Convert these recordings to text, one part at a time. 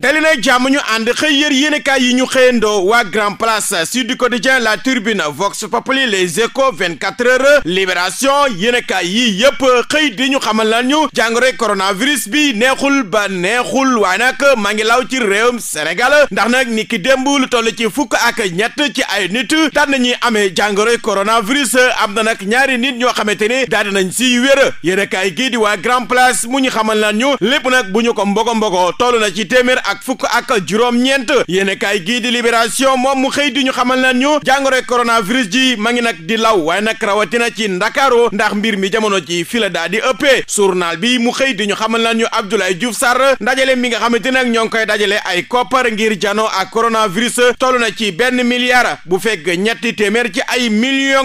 dali nag jàmm ñu ànd xëy yër yéenekaay yi ñu xëyandoo waa Grand Place Sud Quotidien La Tribune Vox Populi Les Échos 24 heures Libération yéenekaay yi yëpp xëy di ñu xamal nañu jàngoroy coronavirus bi neexul ba neexul waa nag maa ngi law ci réewum Sénégal ndax nag ni ki démb lu toll ci fukk ak ñett ci ay nit daan nañuy amee jàngoroy coronavirus am na nag ñaari nit ñoo xamante ni daal dinañ siy wér yéenekaay gii di waa Grand Place mu ñu xamal nañu lépp nag bu ñu ko mbogo mbogo toll na ci téeméer ak fukk ak juróom-ñeent yéen kaay gii di libération moom mu xëy di ñu xamal na ñu jàngoroy coronavirus ji ma ngi nag di law waaye nag rawatina ci ndakaaro ndax mbir mi jamono ji fi la di ëppee journal bi mu xëy di ñu xamal na ñu Abdoulaye Diouf sar ndajale mi nga xamante nag ñoo ngi koy dajale ay koppar ngir jano ak coronavirus toll na ci benn milliard bu fekk ñetti téeméer ci ay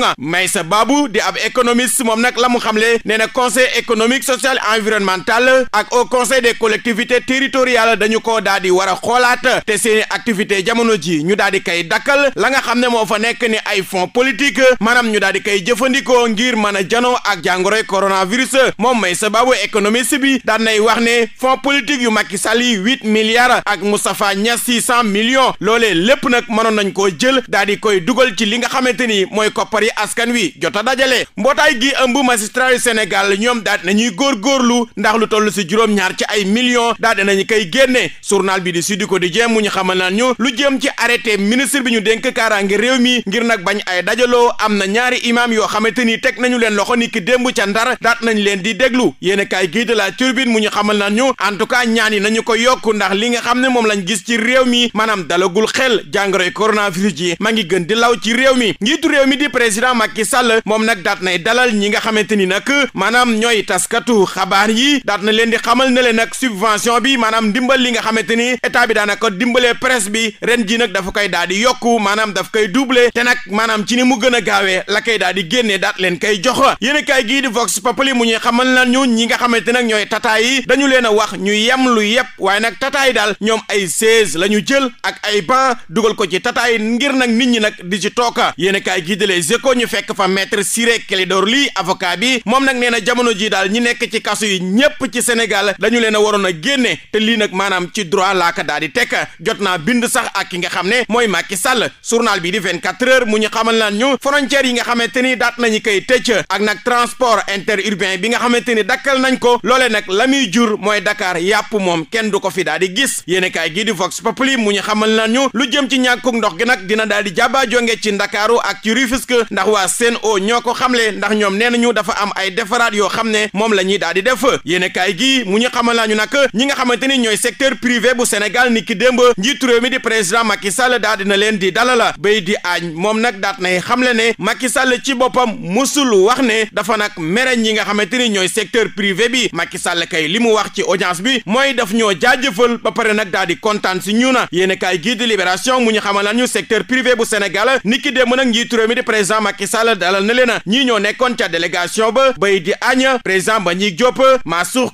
a Maysa Babou di ab économiste moom nag la mu xamle nee na conseil économique social environnemental ak au conseil des collectivités territoriales dañu ko daal di war a xoolaat te seen activité jamono ji ñu daal di koy dakkal la nga xam ne moo fa nekk ni ay fonds politique maanaam ñu daal di koy jëfandikoo ngir mën a janoo ak jàngoroy coronavirus moom may sababu économiste bi daan nay wax ne fon politique yu Macky Sall yi huit milliards ak Moustapha Niass six cent millions loolee lépp nag mënoon nañ koo jël daal di koy dugal ci li nga xamante ni mooy koppar yi askan wi jot a dajale mbootaay gi ëmb magistrat yu Sénégal ñoom daal nañuy góorgóorlu ndax lu toll si juróom ci ay millions daal dinañu koy génne journal bi di Sud Quotidien mu ñu xamal naan ñu lu jëm ci arrêté ministre bi ñu dénk kaaraange réew mi ngir nag bañ ay dajaloo am na ñaari imaam yoo xamante ni teg nañu leen loxo ni ki démb ca ndar daat nañ leen di déglu yéen a kaay gii de la turbine mu ñu xamal naan ñu en tout cas ñaan yi nañu ko yokk ndax li nga xam ne moom lañ gis ci réew mi maanaam dalagul xel jàngoroy coronavirus ji ma ngi gën di law ci réew mi njiitu réew mi di président Macky Sall moom nag daat nay dalal ñi nga xamante ni nag maanaam ñooy taskatu xabaar yi daat na leen di xamal ne leen nag subvention bi maanaam ndimbal li nga xamante xamante ni état bi daanaka dimbalee presse bi ren ji nag dafa koy daal di yokku maanaam daf koy doubler te nag maanaam ci ni mu gën a gaawee la koy daal di génnee daat leen koy jox yéen a kaay gii di vox populi mu ñuy xamal na ñu ñi nga xamante nag ñooy tata yi dañu leen a wax ñu yem lu yëpp waaye nag tata yi daal ñoom ay chaise la ñu jël ak ay banc dugal ko ci tata ngir nag nit ñi nag di ci tooka yéen a kaay gii di Les ñu fekk fa maître Ciré Clédor lii avocat bi moom nag nee na jamono ji daal ñi nekk ci kaso yi ñëpp ci Sénégal dañu leen a waroon a génne nag maanaam ci 3 laa ko daal di jot naa bind sax ak ki nga xam ne mooy Macky Sall journal bi di 24 heures mu ñu xamal naan ñu frontières yi nga xamante ni daat nañu koy tëj ak nag transport interurbain bi nga xamante ni dakkal nañ ko loole nag la muy jur mooy Dakar yàpp moom kenn du ko fi daal di gis yéenekaay gii di Vox Populi mu ñu xamal naan ñu lu jëm ci ñàkkug ndox gi nag dina daal di jaba jonge ci Ndakaaru ak ci Rufisque ndax waa Sen'Eau ñoo ko xamle ndax ñoom nee nañu dafa am ay defaraat yoo xam ne moom la ñuy daal di def yéenekaay gi mu ñu xamal ñu nag ñi nga xamante ni ñooy secteur privé bu Sénégal ni ki démb njiitu réew mi di président Macky Sall daal dina leen di dalala béy di aañ moom nag daat nay xamle ne Macky Sall ci boppam musul wax ne dafa nag mereñ yi nga xamante ni ñooy secteur privé bi ma Macky Sall kay li mu wax ci audience bi mooy daf ñoo jaajëfal ba pare nag daal di kontaan si ñu na yéen kaay gii di libération mu ñu xamal nañu secteur privé bu Sénégal ni ki démb nag njiitu réew mi di président Macky Sall dalal na leen ñii ñoo nekkoon ca délégation ba béy di aañ président ba ñi Diop Massour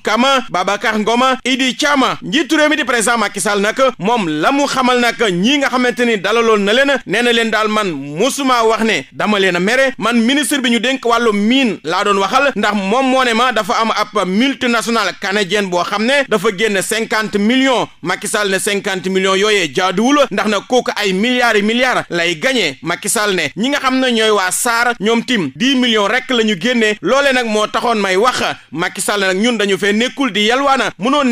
président Macky Sall nag moom la mu xamal nag ñii nga xamante ni dalaloon na leen nee na leen daal man musuma wax ne dama leen a mere man ministre bi ñu denk wàllu miin laa doon waxal ndax moom moo ne ma dafa am ab multinationale canadienne boo xam ne dafa génn cinquante millions Macky Sall ne cinquante millions yooyee jaaduwul ndax na kooku ay milliards yi lay gañee Macky Sall ne ñi nga xam ne ñooy waa SAR ñoom tim dix millions rek la ñu génnee loolee nag moo taxoon may wax Macky Sall nag ñun dañu nekkul di yalwaana mënoo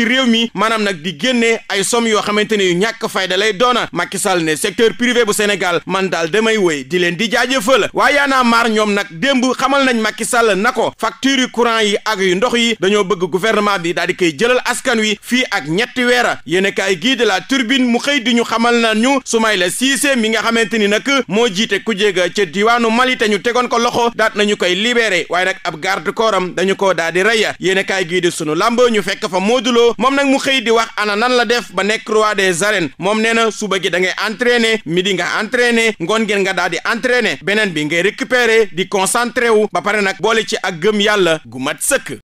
ci réew mi maanaam nag di génnee ay somme yoo xamante ne yu ñàkk fayda lay doona Macky Sall ne secteur privé bu Sénégal man daal damay wéy di leen di jaajëfal waaye Y'en a marre ñoom nag démb xamal nañ Macky Sall na ko facture yu courant yi ak yu ndox yi dañoo bëgg gouvernement bi daal di koy jëlal askan wi fii ak ñetti weer yéen kaay gii de la turbine mu xëy di ñu xamal na ñu Soumaïla Cissé mi nga xamante ni nag moo jiite ku jéega ca diwaanu Mali ñu tegoon ko loxo daat nañu koy libéré waaye nag ab garde corps am dañu koo daal moom nag mu xëy di wax ana nan la def ba nekk roi des arènes moom nee na suba gi da ngay mi midi nga entraîner ngoon ngeen nga daal di entraîner beneen bi ngay récupérer di concentré wu ba pare nag boole ci a gëm yàlla gu mat sëkk.